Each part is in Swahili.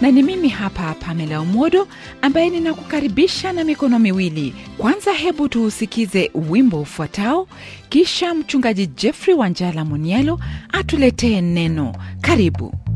na ni mimi hapa Pamela Umodo ambaye ninakukaribisha na mikono miwili. Kwanza hebu tuusikize wimbo ufuatao, kisha mchungaji Jeffrey Wanjala Munielo atuletee neno. Karibu.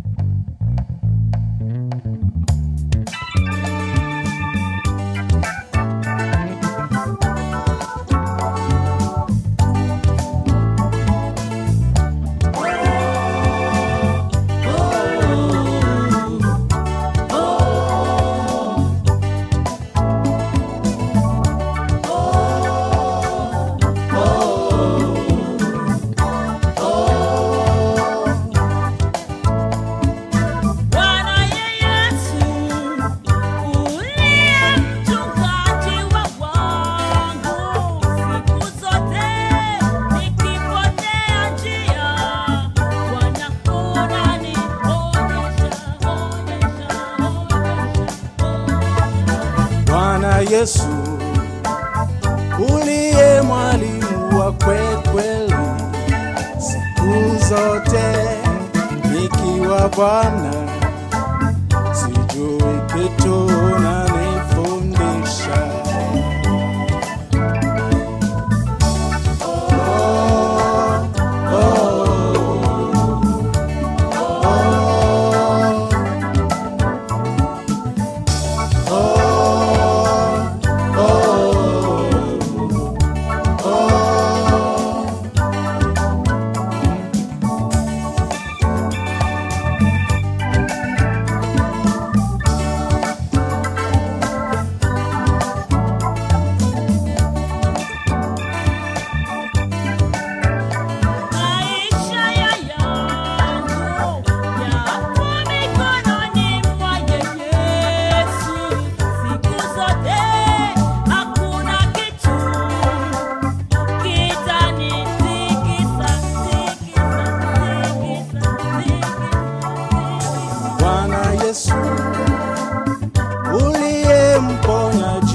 Yesu uliye mponya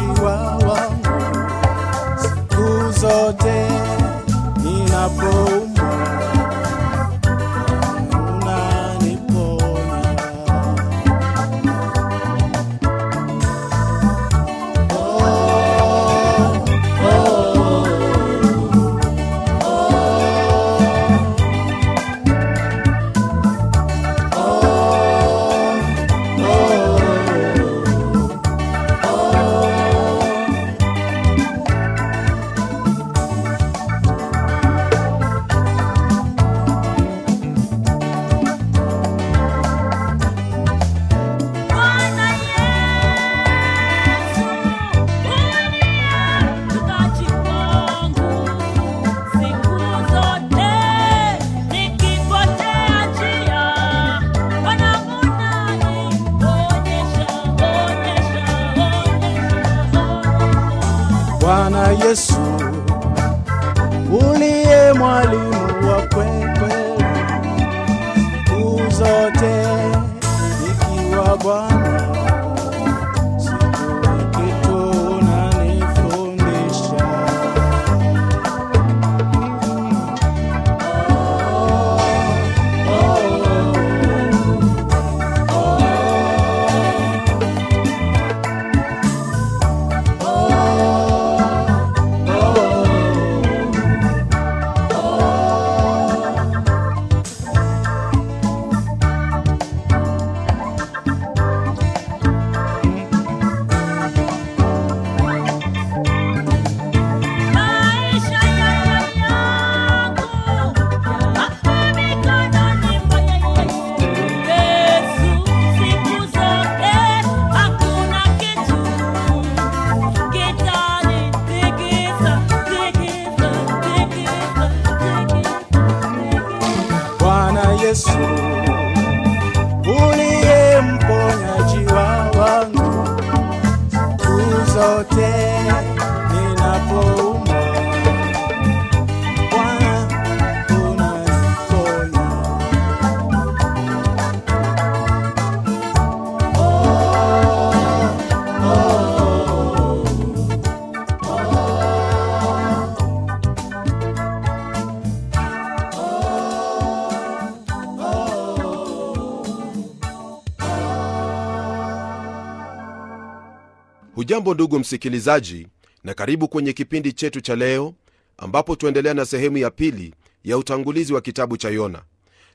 hujambo ndugu msikilizaji na karibu kwenye kipindi chetu cha leo ambapo tuendelea na sehemu ya pili ya utangulizi wa kitabu cha yona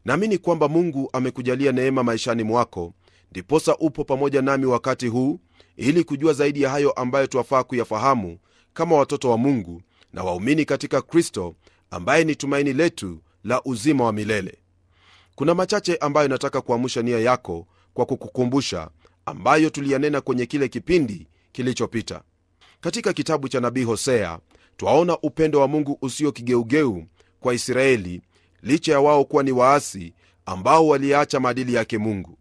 naamini kwamba mungu amekujalia neema maishani mwako ndiposa upo pamoja nami wakati huu ili kujua zaidi ya hayo ambayo twafaa kuyafahamu kama watoto wa mungu na waumini katika kristo ambaye ni tumaini letu la uzima wa milele kuna machache ambayo nataka kuamsha nia yako kwa kukukumbusha ambayo tuliyanena kwenye kile kipindi kilichopita katika kitabu cha nabii hosea twaona upendo wa mungu usio kigeugeu kwa israeli licha ya wao kuwa ni waasi ambao waliacha maadili yake mungu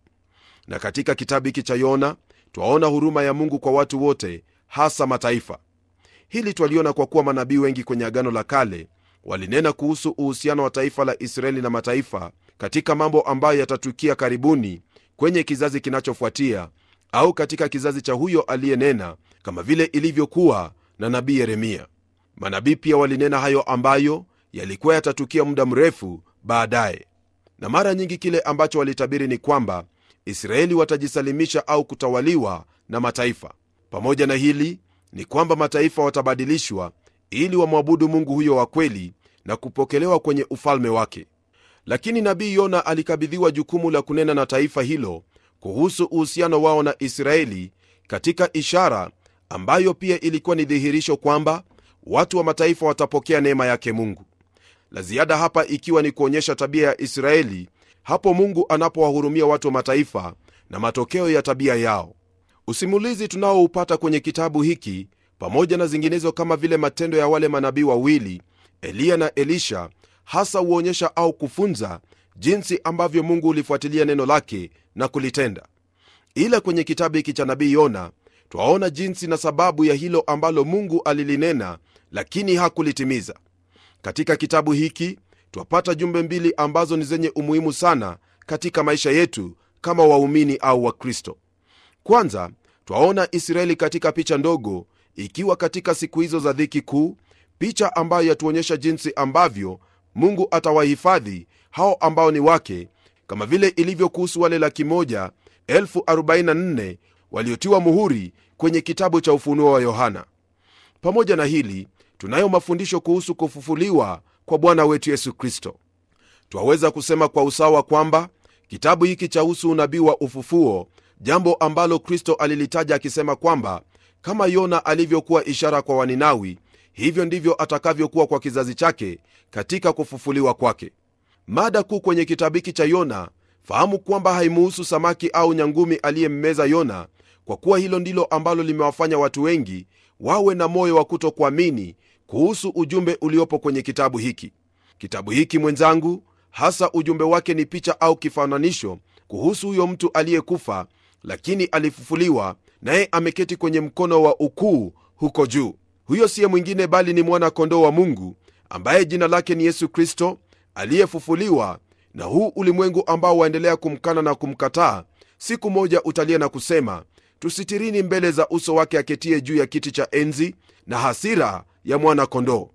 na katika kitabu hiki cha yona twaona huruma ya mungu kwa watu wote hasa mataifa hili twaliona kwa kuwa manabii wengi kwenye agano la kale walinena kuhusu uhusiano wa taifa la israeli na mataifa katika mambo ambayo yatatukia karibuni kwenye kizazi kinachofuatia au katika kizazi cha huyo aliyenena, kama vile ilivyokuwa na nabii Yeremia. Manabii pia walinena hayo ambayo yalikuwa yatatukia muda mrefu baadaye, na mara nyingi kile ambacho walitabiri ni kwamba Israeli watajisalimisha au kutawaliwa na mataifa. Pamoja na hili ni kwamba mataifa watabadilishwa ili wamwabudu Mungu huyo wa kweli na kupokelewa kwenye ufalme wake. Lakini nabii Yona alikabidhiwa jukumu la kunena na taifa hilo kuhusu uhusiano wao na israeli katika ishara ambayo pia ilikuwa ni dhihirisho kwamba watu wa mataifa watapokea neema yake mungu la ziada hapa ikiwa ni kuonyesha tabia ya israeli hapo mungu anapowahurumia watu wa mataifa na matokeo ya tabia yao usimulizi tunaoupata kwenye kitabu hiki pamoja na zinginezo kama vile matendo ya wale manabii wawili eliya na elisha hasa huonyesha au kufunza jinsi ambavyo mungu ulifuatilia neno lake na kulitenda ila kwenye kitabu hiki cha nabii yona twaona jinsi na sababu ya hilo ambalo mungu alilinena lakini hakulitimiza katika kitabu hiki twapata jumbe mbili ambazo ni zenye umuhimu sana katika maisha yetu kama waumini au wakristo kwanza twaona israeli katika picha ndogo ikiwa katika siku hizo za dhiki kuu picha ambayo yatuonyesha jinsi ambavyo mungu atawahifadhi hao ambao ni wake kama vile ilivyo kuhusu wale laki moja elfu arobaini na nne waliotiwa muhuri kwenye kitabu cha Ufunuo wa Yohana. Pamoja na hili, tunayo mafundisho kuhusu kufufuliwa kwa Bwana wetu Yesu Kristo. Twaweza kusema kwa usawa kwamba kitabu hiki cha husu unabii wa ufufuo, jambo ambalo Kristo alilitaja akisema kwamba kama Yona alivyokuwa ishara kwa Waninawi, hivyo ndivyo atakavyokuwa kwa kizazi chake katika kufufuliwa kwake mada kuu kwenye kitabu hiki cha yona fahamu kwamba haimuhusu samaki au nyangumi aliyemmeza yona kwa kuwa hilo ndilo ambalo limewafanya watu wengi wawe na moyo wa kutokuamini kuhusu ujumbe uliopo kwenye kitabu hiki kitabu hiki mwenzangu hasa ujumbe wake ni picha au kifananisho kuhusu huyo mtu aliyekufa lakini alifufuliwa naye ameketi kwenye mkono wa ukuu huko juu huyo siye mwingine bali ni mwana kondoo wa mungu ambaye jina lake ni yesu kristo aliyefufuliwa na huu ulimwengu ambao waendelea kumkana na kumkataa siku moja utalia na kusema tusitirini mbele za uso wake aketie juu ya kiti cha enzi na hasira ya mwana-kondoo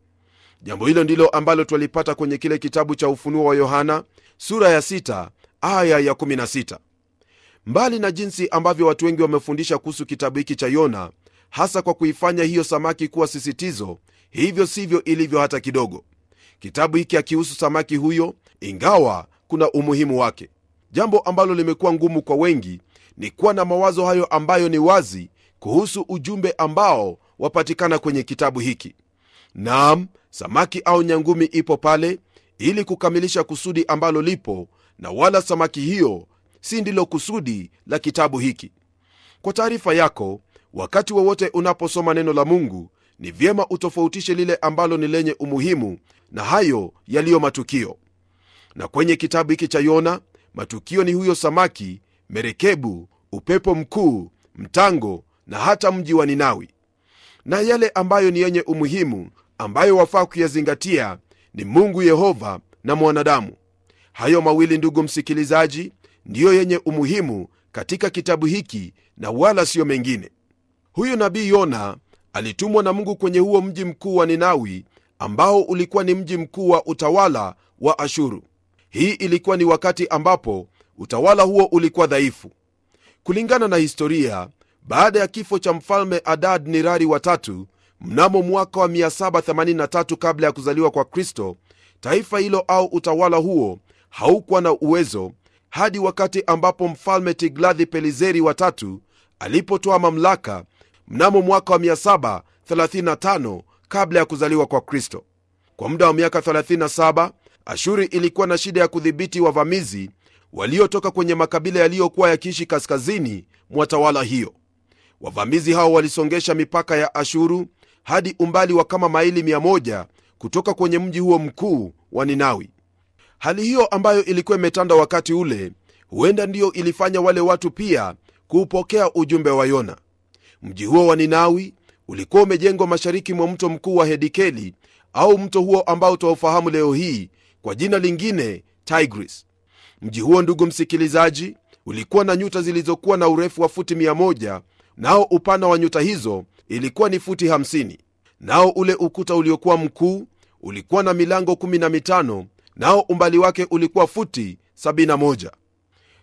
jambo hilo ndilo ambalo twalipata kwenye kile kitabu cha ufunuo wa yohana sura ya 6 aya ya 16 mbali na jinsi ambavyo watu wengi wamefundisha kuhusu kitabu hiki cha yona hasa kwa kuifanya hiyo samaki kuwa sisitizo hivyo sivyo ilivyo hata kidogo Kitabu hiki akihusu samaki huyo, ingawa kuna umuhimu wake. Jambo ambalo limekuwa ngumu kwa wengi ni kuwa na mawazo hayo ambayo ni wazi kuhusu ujumbe ambao wapatikana kwenye kitabu hiki. nam samaki au nyangumi ipo pale ili kukamilisha kusudi ambalo lipo, na wala samaki hiyo si ndilo kusudi la kitabu hiki. Kwa taarifa yako, wakati wowote unaposoma neno la Mungu, ni vyema utofautishe lile ambalo ni lenye umuhimu na hayo yaliyo matukio na kwenye kitabu hiki cha yona matukio ni huyo samaki merekebu upepo mkuu mtango na hata mji wa ninawi na yale ambayo ni yenye umuhimu ambayo wafaa kuyazingatia ni mungu yehova na mwanadamu hayo mawili ndugu msikilizaji ndiyo yenye umuhimu katika kitabu hiki na wala siyo mengine huyu nabii yona alitumwa na mungu kwenye huo mji mkuu wa ninawi ambao ulikuwa ni mji mkuu wa utawala wa Ashuru. Hii ilikuwa ni wakati ambapo utawala huo ulikuwa dhaifu. Kulingana na historia, baada ya kifo cha mfalme Adad Nirari watatu mnamo mwaka wa 783 kabla ya kuzaliwa kwa Kristo, taifa hilo au utawala huo haukuwa na uwezo hadi wakati ambapo mfalme Tigladhi Pelizeri watatu alipotoa mamlaka mnamo mwaka wa 735 kabla ya kuzaliwa kwa kristo kwa muda wa miaka 37 ashuri ilikuwa na shida ya kudhibiti wavamizi waliotoka kwenye makabila yaliyokuwa yakiishi kaskazini mwa tawala hiyo wavamizi hao walisongesha mipaka ya ashuru hadi umbali wa kama maili 1 kutoka kwenye mji huo mkuu wa ninawi hali hiyo ambayo ilikuwa imetanda wakati ule huenda ndiyo ilifanya wale watu pia kuupokea ujumbe wa yona mji huo wa ninawi ulikuwa umejengwa mashariki mwa mto mkuu wa hedikeli au mto huo ambao twaufahamu leo hii kwa jina lingine tigris mji huo ndugu msikilizaji ulikuwa na nyuta zilizokuwa na urefu wa futi 100 nao upana wa nyuta hizo ilikuwa ni futi 50 nao ule ukuta uliokuwa mkuu ulikuwa na milango 15 nao umbali wake ulikuwa futi 71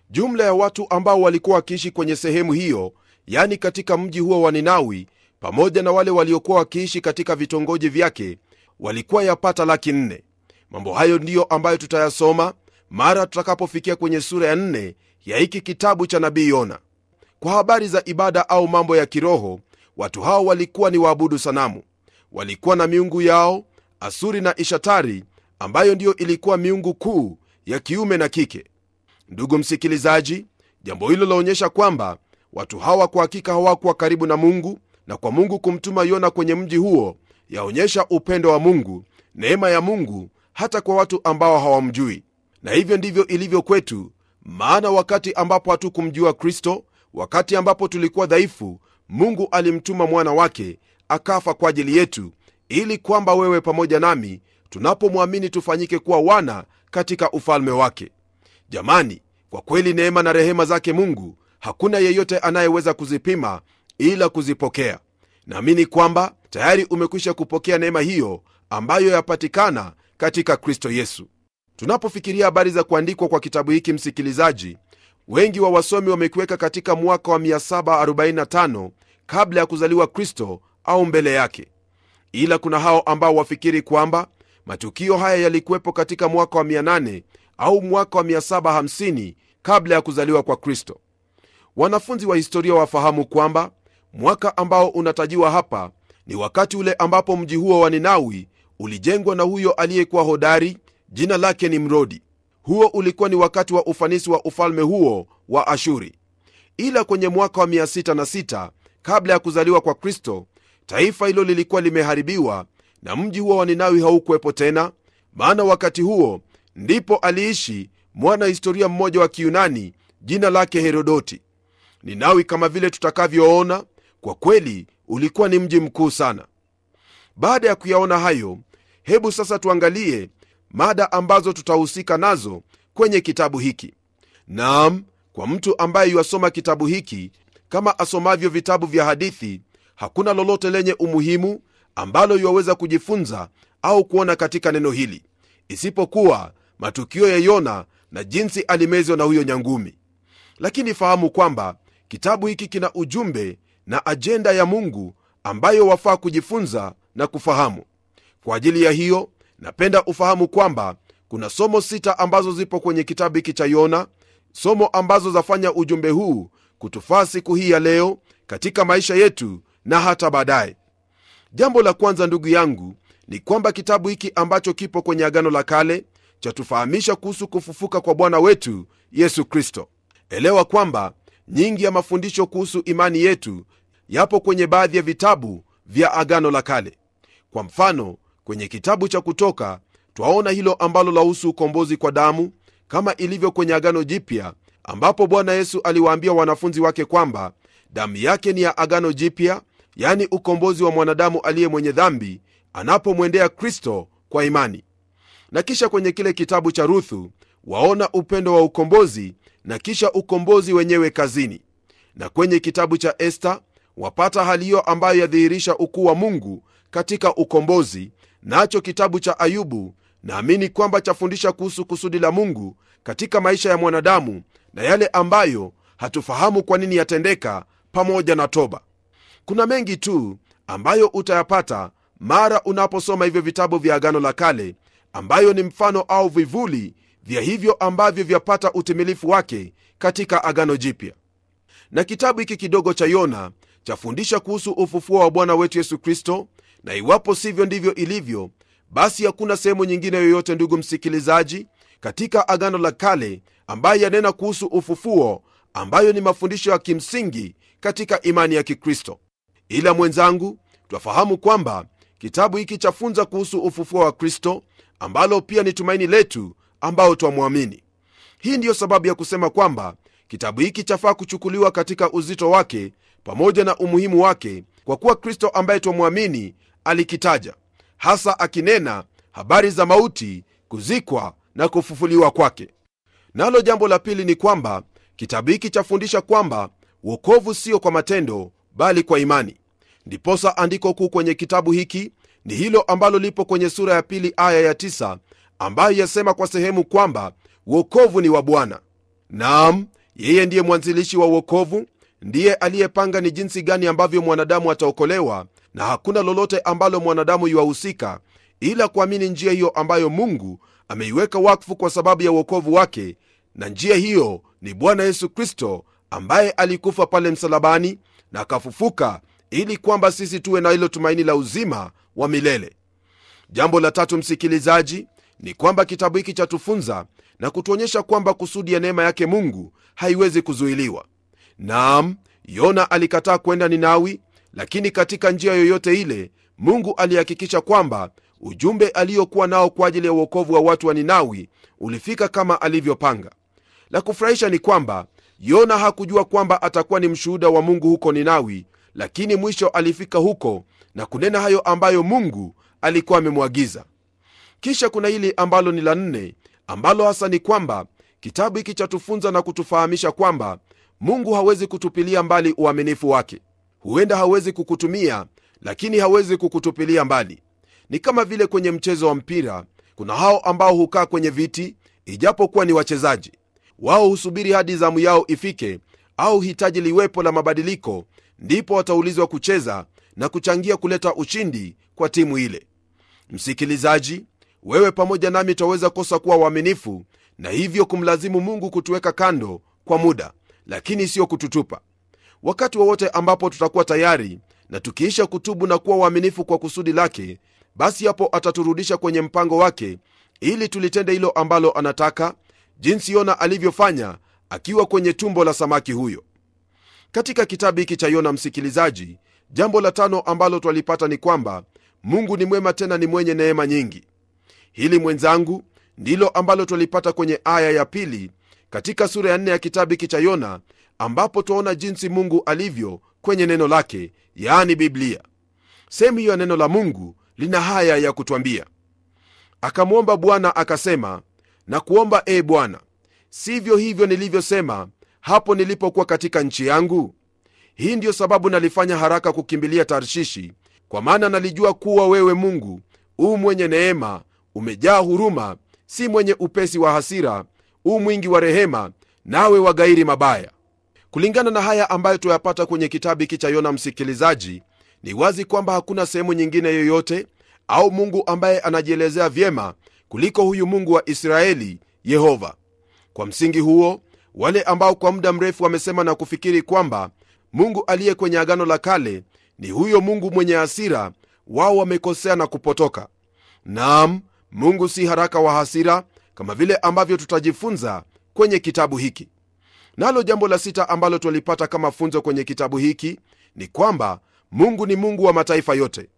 jumla ya watu ambao walikuwa wakiishi kwenye sehemu hiyo yani katika mji huo wa ninawi pamoja na wale waliokuwa wakiishi katika vitongoji vyake walikuwa yapata laki nne. Mambo hayo ndiyo ambayo tutayasoma mara tutakapofikia kwenye sura ya nne ya hiki kitabu cha nabii Yona. Kwa habari za ibada au mambo ya kiroho, watu hao walikuwa ni waabudu sanamu. Walikuwa na miungu yao Asuri na Ishatari, ambayo ndiyo ilikuwa miungu kuu ya kiume na kike. Ndugu msikilizaji, jambo hilo laonyesha kwamba watu hawa kwa hakika hawakuwa karibu na Mungu na kwa Mungu kumtuma Yona kwenye mji huo yaonyesha upendo wa Mungu, neema ya Mungu hata kwa watu ambao hawamjui. Na hivyo ndivyo ilivyo kwetu, maana wakati ambapo hatukumjua Kristo, wakati ambapo tulikuwa dhaifu, Mungu alimtuma mwana wake akafa kwa ajili yetu, ili kwamba wewe pamoja nami tunapomwamini tufanyike kuwa wana katika ufalme wake. Jamani, kwa kweli neema na rehema zake Mungu hakuna yeyote anayeweza kuzipima ila kuzipokea naamini kwamba tayari umekwisha kupokea neema hiyo ambayo yapatikana katika kristo yesu tunapofikiria habari za kuandikwa kwa kitabu hiki msikilizaji wengi wa wasomi wamekiweka katika mwaka wa 745 kabla ya kuzaliwa kristo au mbele yake ila kuna hao ambao wafikiri kwamba matukio haya yalikuwepo katika mwaka wa 800 au mwaka wa 750 kabla ya kuzaliwa kwa kristo wanafunzi wa historia wafahamu kwamba mwaka ambao unatajiwa hapa ni wakati ule ambapo mji huo wa ninawi ulijengwa na huyo aliyekuwa hodari jina lake ni mrodi huo ulikuwa ni wakati wa ufanisi wa ufalme huo wa ashuri ila kwenye mwaka wa 66 kabla ya kuzaliwa kwa kristo taifa hilo lilikuwa limeharibiwa na mji huo wa ninawi haukuwepo tena maana wakati huo ndipo aliishi mwana historia mmoja wa kiyunani jina lake herodoti ninawi kama vile tutakavyoona kwa kweli ulikuwa ni mji mkuu sana. Baada ya kuyaona hayo, hebu sasa tuangalie mada ambazo tutahusika nazo kwenye kitabu hiki. nam kwa mtu ambaye yuasoma kitabu hiki kama asomavyo vitabu vya hadithi, hakuna lolote lenye umuhimu ambalo yuwaweza kujifunza au kuona katika neno hili isipokuwa matukio ya Yona na jinsi alimezwa na huyo nyangumi. Lakini fahamu kwamba kitabu hiki kina ujumbe na ajenda ya mungu ambayo wafaa kujifunza na kufahamu kwa ajili ya hiyo napenda ufahamu kwamba kuna somo sita ambazo zipo kwenye kitabu hiki cha yona somo ambazo zafanya ujumbe huu kutufaa siku hii ya leo katika maisha yetu na hata baadaye jambo la kwanza ndugu yangu ni kwamba kitabu hiki ambacho kipo kwenye agano la kale chatufahamisha kuhusu kufufuka kwa bwana wetu yesu kristo elewa kwamba nyingi ya mafundisho kuhusu imani yetu yapo kwenye baadhi ya vitabu vya Agano la Kale. Kwa mfano, kwenye kitabu cha Kutoka twaona hilo ambalo lahusu ukombozi kwa damu, kama ilivyo kwenye Agano Jipya ambapo Bwana Yesu aliwaambia wanafunzi wake kwamba damu yake ni ya Agano Jipya, yaani ukombozi wa mwanadamu aliye mwenye dhambi anapomwendea Kristo kwa imani. Na kisha kwenye kile kitabu cha Ruthu waona upendo wa ukombozi na kisha ukombozi wenyewe kazini. Na kwenye kitabu cha Esta wapata hali hiyo ambayo yadhihirisha ukuu wa Mungu katika ukombozi. Nacho kitabu cha Ayubu naamini kwamba chafundisha kuhusu kusudi la Mungu katika maisha ya mwanadamu na yale ambayo hatufahamu kwa nini yatendeka, pamoja na toba. Kuna mengi tu ambayo utayapata mara unaposoma hivyo vitabu vya Agano la Kale, ambayo ni mfano au vivuli vya hivyo ambavyo vyapata utimilifu wake katika Agano Jipya. Na kitabu hiki kidogo cha Yona chafundisha kuhusu ufufuo wa Bwana wetu Yesu Kristo, na iwapo sivyo ndivyo ilivyo, basi hakuna sehemu nyingine yoyote, ndugu msikilizaji, katika Agano la Kale ambaye yanena kuhusu ufufuo, ambayo ni mafundisho ya kimsingi katika imani ya Kikristo. Ila mwenzangu, twafahamu kwamba kitabu hiki chafunza kuhusu ufufuo wa Kristo, ambalo pia ni tumaini letu ambao twamwamini hii ndiyo sababu ya kusema kwamba kitabu hiki chafaa kuchukuliwa katika uzito wake pamoja na umuhimu wake kwa kuwa kristo ambaye twamwamini alikitaja hasa akinena habari za mauti kuzikwa na kufufuliwa kwake nalo jambo la pili ni kwamba kitabu hiki chafundisha kwamba wokovu sio kwa matendo bali kwa imani ndiposa andiko kuu kwenye kitabu hiki ni hilo ambalo lipo kwenye sura ya pili aya ya tisa ambayo yasema kwa sehemu kwamba wokovu ni wa Bwana. nam yeye ndiye mwanzilishi wa wokovu, ndiye aliyepanga ni jinsi gani ambavyo mwanadamu ataokolewa, na hakuna lolote ambalo mwanadamu iwahusika ila kuamini njia hiyo ambayo Mungu ameiweka wakfu kwa sababu ya uokovu wake, na njia hiyo ni Bwana Yesu Kristo ambaye alikufa pale msalabani na akafufuka ili kwamba sisi tuwe na hilo tumaini la uzima wa milele. Jambo la tatu, msikilizaji, ni kwamba kitabu hiki chatufunza na kutuonyesha kwamba kusudi ya neema yake mungu haiwezi kuzuiliwa naam yona alikataa kwenda ninawi lakini katika njia yoyote ile mungu alihakikisha kwamba ujumbe aliyokuwa nao kwa ajili ya uokovu wa watu wa ninawi ulifika kama alivyopanga la kufurahisha ni kwamba yona hakujua kwamba atakuwa ni mshuhuda wa mungu huko ninawi lakini mwisho alifika huko na kunena hayo ambayo mungu alikuwa amemwagiza kisha kuna hili ambalo ni la nne ambalo hasa ni kwamba kitabu hiki chatufunza na kutufahamisha kwamba mungu hawezi kutupilia mbali uaminifu wake huenda hawezi kukutumia lakini hawezi kukutupilia mbali ni kama vile kwenye mchezo wa mpira kuna hao ambao hukaa kwenye viti ijapokuwa ni wachezaji wao husubiri hadi zamu yao ifike au hitaji liwepo la mabadiliko ndipo wataulizwa kucheza na kuchangia kuleta ushindi kwa timu ile msikilizaji wewe pamoja nami twaweza kosa kuwa waaminifu na hivyo kumlazimu mungu kutuweka kando kwa muda lakini siyo kututupa wakati wowote ambapo tutakuwa tayari na tukiisha kutubu na kuwa waaminifu kwa kusudi lake basi hapo ataturudisha kwenye mpango wake ili tulitende hilo ambalo anataka jinsi yona alivyofanya akiwa kwenye tumbo la samaki huyo katika kitabu hiki cha yona msikilizaji jambo la tano ambalo twalipata ni kwamba mungu ni mwema tena ni mwenye neema nyingi hili mwenzangu ndilo ambalo twalipata kwenye aya ya pili katika sura ya nne ya kitabu hiki cha yona ambapo twaona jinsi mungu alivyo kwenye neno lake yaani biblia sehemu hiyo ya neno la mungu lina haya ya kutwambia akamwomba bwana akasema na kuomba e bwana sivyo hivyo nilivyosema hapo nilipokuwa katika nchi yangu hii ndiyo sababu nalifanya haraka kukimbilia tarshishi kwa maana nalijua kuwa wewe mungu u mwenye neema umejaa huruma, si mwenye upesi wa hasira, u mwingi wa rehema, nawe wagairi mabaya. Kulingana na haya ambayo tuyapata kwenye kitabu hiki cha Yona, msikilizaji, ni wazi kwamba hakuna sehemu nyingine yoyote au Mungu ambaye anajielezea vyema kuliko huyu Mungu wa Israeli, Yehova. Kwa msingi huo, wale ambao kwa muda mrefu wamesema na kufikiri kwamba Mungu aliye kwenye Agano la Kale ni huyo Mungu mwenye hasira, wao wamekosea na kupotoka. Naam, Mungu si haraka wa hasira kama vile ambavyo tutajifunza kwenye kitabu hiki. Nalo jambo la sita ambalo twalipata kama funzo kwenye kitabu hiki ni kwamba Mungu ni Mungu wa mataifa yote.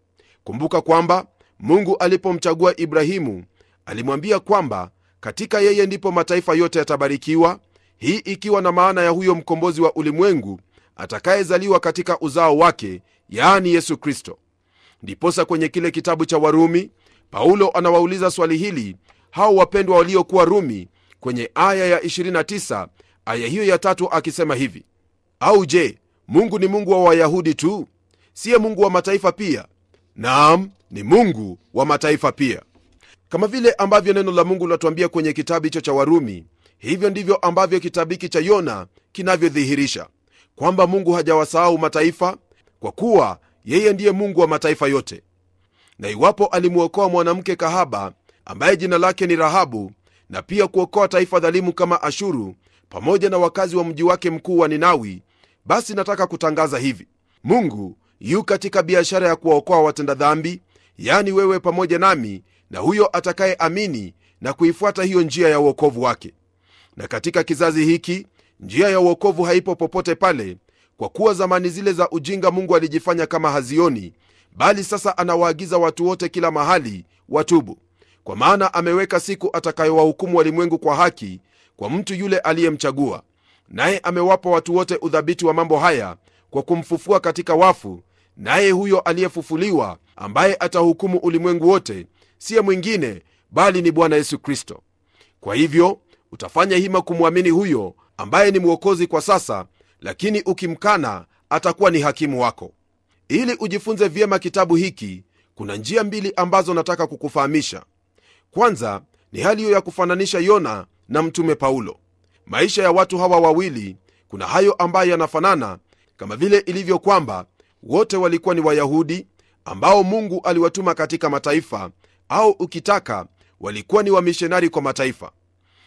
Kumbuka kwamba Mungu alipomchagua Ibrahimu alimwambia kwamba katika yeye ndipo mataifa yote yatabarikiwa, hii ikiwa na maana ya huyo mkombozi wa ulimwengu atakayezaliwa katika uzao wake, yaani Yesu Kristo. Ndiposa kwenye kile kitabu cha Warumi Paulo anawauliza swali hili hao wapendwa waliokuwa Rumi kwenye aya ya 29 aya hiyo ya tatu akisema hivi: au je, Mungu ni Mungu wa Wayahudi tu? Siye Mungu wa mataifa pia? Naam, ni Mungu wa mataifa pia. Kama vile ambavyo neno la Mungu linatuambia kwenye kitabu hicho cha Warumi, hivyo ndivyo ambavyo kitabu hiki cha Yona kinavyodhihirisha kwamba Mungu hajawasahau mataifa, kwa kuwa yeye ndiye Mungu wa mataifa yote na iwapo alimwokoa mwanamke kahaba ambaye jina lake ni Rahabu, na pia kuokoa taifa dhalimu kama Ashuru pamoja na wakazi wa mji wake mkuu wa Ninawi, basi nataka kutangaza hivi: Mungu yu katika biashara ya kuwaokoa watenda dhambi, yaani wewe pamoja nami na huyo atakayeamini na kuifuata hiyo njia ya uokovu wake. Na katika kizazi hiki njia ya uokovu haipo popote pale, kwa kuwa zamani zile za ujinga Mungu alijifanya kama hazioni, bali sasa anawaagiza watu wote kila mahali watubu kwa maana ameweka siku atakayowahukumu walimwengu kwa haki kwa mtu yule aliyemchagua naye amewapa watu wote udhabiti wa mambo haya kwa kumfufua katika wafu naye huyo aliyefufuliwa ambaye atahukumu ulimwengu wote siye mwingine bali ni bwana yesu kristo kwa hivyo utafanya hima kumwamini huyo ambaye ni mwokozi kwa sasa lakini ukimkana atakuwa ni hakimu wako ili ujifunze vyema kitabu hiki kuna njia mbili ambazo nataka kukufahamisha kwanza ni hali hiyo ya kufananisha yona na mtume paulo maisha ya watu hawa wawili kuna hayo ambayo yanafanana kama vile ilivyo kwamba wote walikuwa ni wayahudi ambao mungu aliwatuma katika mataifa au ukitaka walikuwa ni wamishonari kwa mataifa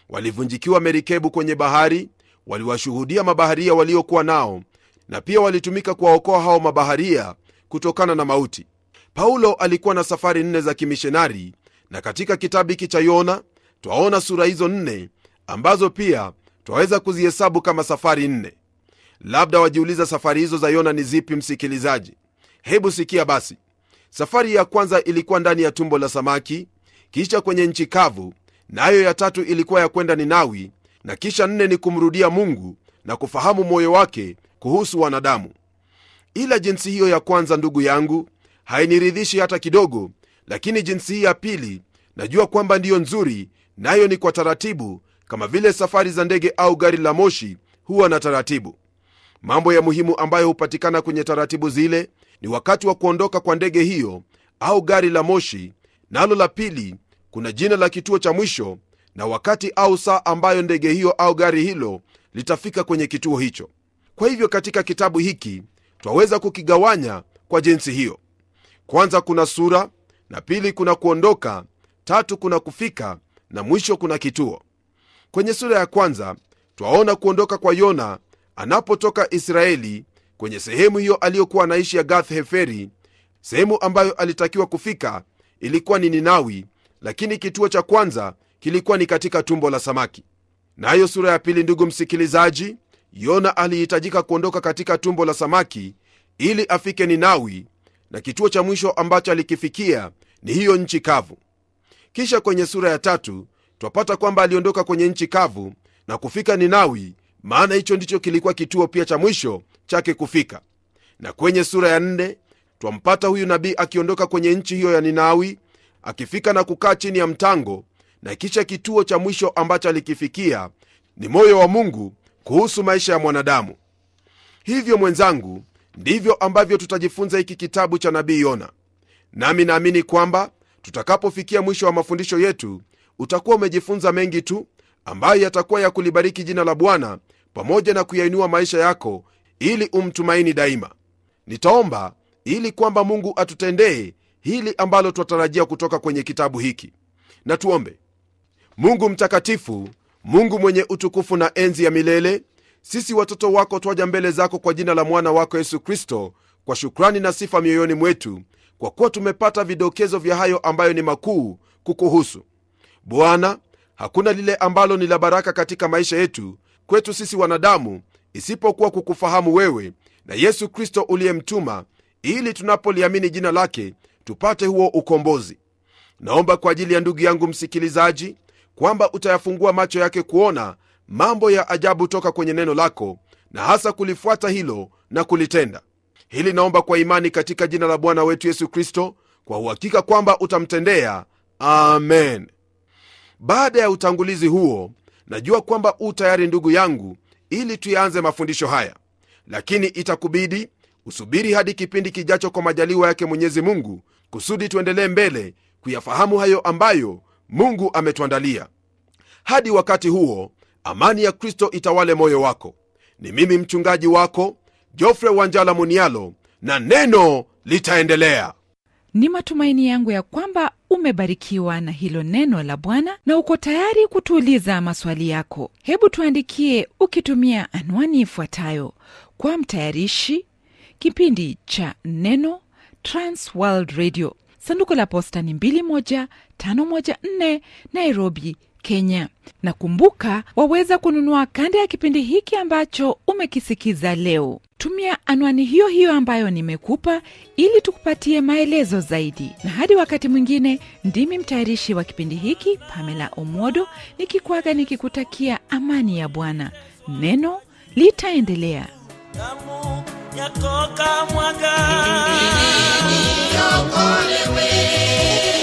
walivunjikiwa merikebu kwenye bahari waliwashuhudia mabaharia waliokuwa nao na pia walitumika kuwaokoa hao mabaharia kutokana na mauti. Paulo alikuwa na safari nne za kimishonari, na katika kitabu hiki cha Yona twaona sura hizo nne ambazo pia twaweza kuzihesabu kama safari nne. Labda wajiuliza safari hizo za Yona ni zipi, msikilizaji? Hebu sikia basi. Safari ya kwanza ilikuwa ndani ya tumbo la samaki, kisha kwenye nchi kavu, nayo ya tatu ilikuwa ya kwenda Ninawi, na kisha nne ni kumrudia Mungu na kufahamu moyo wake kuhusu wanadamu ila jinsi hiyo ya kwanza ndugu yangu hainiridhishi hata kidogo lakini jinsi hii ya pili najua kwamba ndiyo nzuri nayo na ni kwa taratibu kama vile safari za ndege au gari la moshi huwa na taratibu mambo ya muhimu ambayo hupatikana kwenye taratibu zile ni wakati wa kuondoka kwa ndege hiyo au gari la moshi nalo na la pili kuna jina la kituo cha mwisho na wakati au saa ambayo ndege hiyo au gari hilo litafika kwenye kituo hicho kwa hivyo katika kitabu hiki twaweza kukigawanya kwa jinsi hiyo kwanza kuna sura na pili kuna kuondoka tatu kuna kufika na mwisho kuna kituo kwenye sura ya kwanza twaona kuondoka kwa yona anapotoka israeli kwenye sehemu hiyo aliyokuwa anaishi ya gath heferi sehemu ambayo alitakiwa kufika ilikuwa ni ninawi lakini kituo cha kwanza kilikuwa ni katika tumbo la samaki nayo na sura ya pili ndugu msikilizaji yona alihitajika kuondoka katika tumbo la samaki ili afike ninawi na kituo cha mwisho ambacho alikifikia ni hiyo nchi kavu kisha kwenye sura ya tatu twapata kwamba aliondoka kwenye nchi kavu na kufika ninawi maana hicho ndicho kilikuwa kituo pia cha mwisho chake kufika na kwenye sura ya nne twampata huyu nabii akiondoka kwenye nchi hiyo ya ninawi akifika na kukaa chini ya mtango na kisha kituo cha mwisho ambacho alikifikia ni moyo wa mungu kuhusu maisha ya mwanadamu hivyo mwenzangu ndivyo ambavyo tutajifunza hiki kitabu cha nabii yona nami naamini kwamba tutakapofikia mwisho wa mafundisho yetu utakuwa umejifunza mengi tu ambayo yatakuwa ya kulibariki jina la bwana pamoja na kuyainua maisha yako ili umtumaini daima nitaomba ili kwamba mungu atutendee hili ambalo twatarajia kutoka kwenye kitabu hiki na tuombe mungu mtakatifu mungu mwenye utukufu na enzi ya milele sisi watoto wako twaja mbele zako kwa jina la mwana wako yesu kristo kwa shukrani na sifa mioyoni mwetu kwa kuwa tumepata vidokezo vya hayo ambayo ni makuu kukuhusu bwana hakuna lile ambalo ni la baraka katika maisha yetu kwetu sisi wanadamu isipokuwa kukufahamu wewe na yesu kristo uliyemtuma ili tunapoliamini jina lake tupate huo ukombozi naomba kwa ajili ya ndugu yangu msikilizaji kwamba utayafungua macho yake kuona mambo ya ajabu toka kwenye neno lako na hasa kulifuata hilo na kulitenda. Hili naomba kwa imani katika jina la Bwana wetu Yesu Kristo, kwa uhakika kwamba utamtendea. Amen. Baada ya utangulizi huo, najua kwamba u tayari ndugu yangu, ili tuyaanze mafundisho haya, lakini itakubidi usubiri hadi kipindi kijacho, kwa majaliwa yake Mwenyezi Mungu, kusudi tuendelee mbele kuyafahamu hayo ambayo Mungu ametuandalia. Hadi wakati huo, amani ya Kristo itawale moyo wako. Ni mimi mchungaji wako Jofre Wanjala Munialo, na neno litaendelea. Ni matumaini yangu ya kwamba umebarikiwa na hilo neno la Bwana na uko tayari kutuuliza maswali yako. Hebu tuandikie ukitumia anwani ifuatayo: kwa mtayarishi kipindi cha Neno, Transworld Radio Sanduku la posta ni 21514 Nairobi, Kenya. Na kumbuka, waweza kununua kanda ya kipindi hiki ambacho umekisikiza leo. Tumia anwani hiyo hiyo ambayo nimekupa ili tukupatie maelezo zaidi. Na hadi wakati mwingine, ndimi mtayarishi wa kipindi hiki Pamela Omodo, nikikwaga nikikutakia amani ya Bwana. Neno litaendelea yako kamwaga niokolewe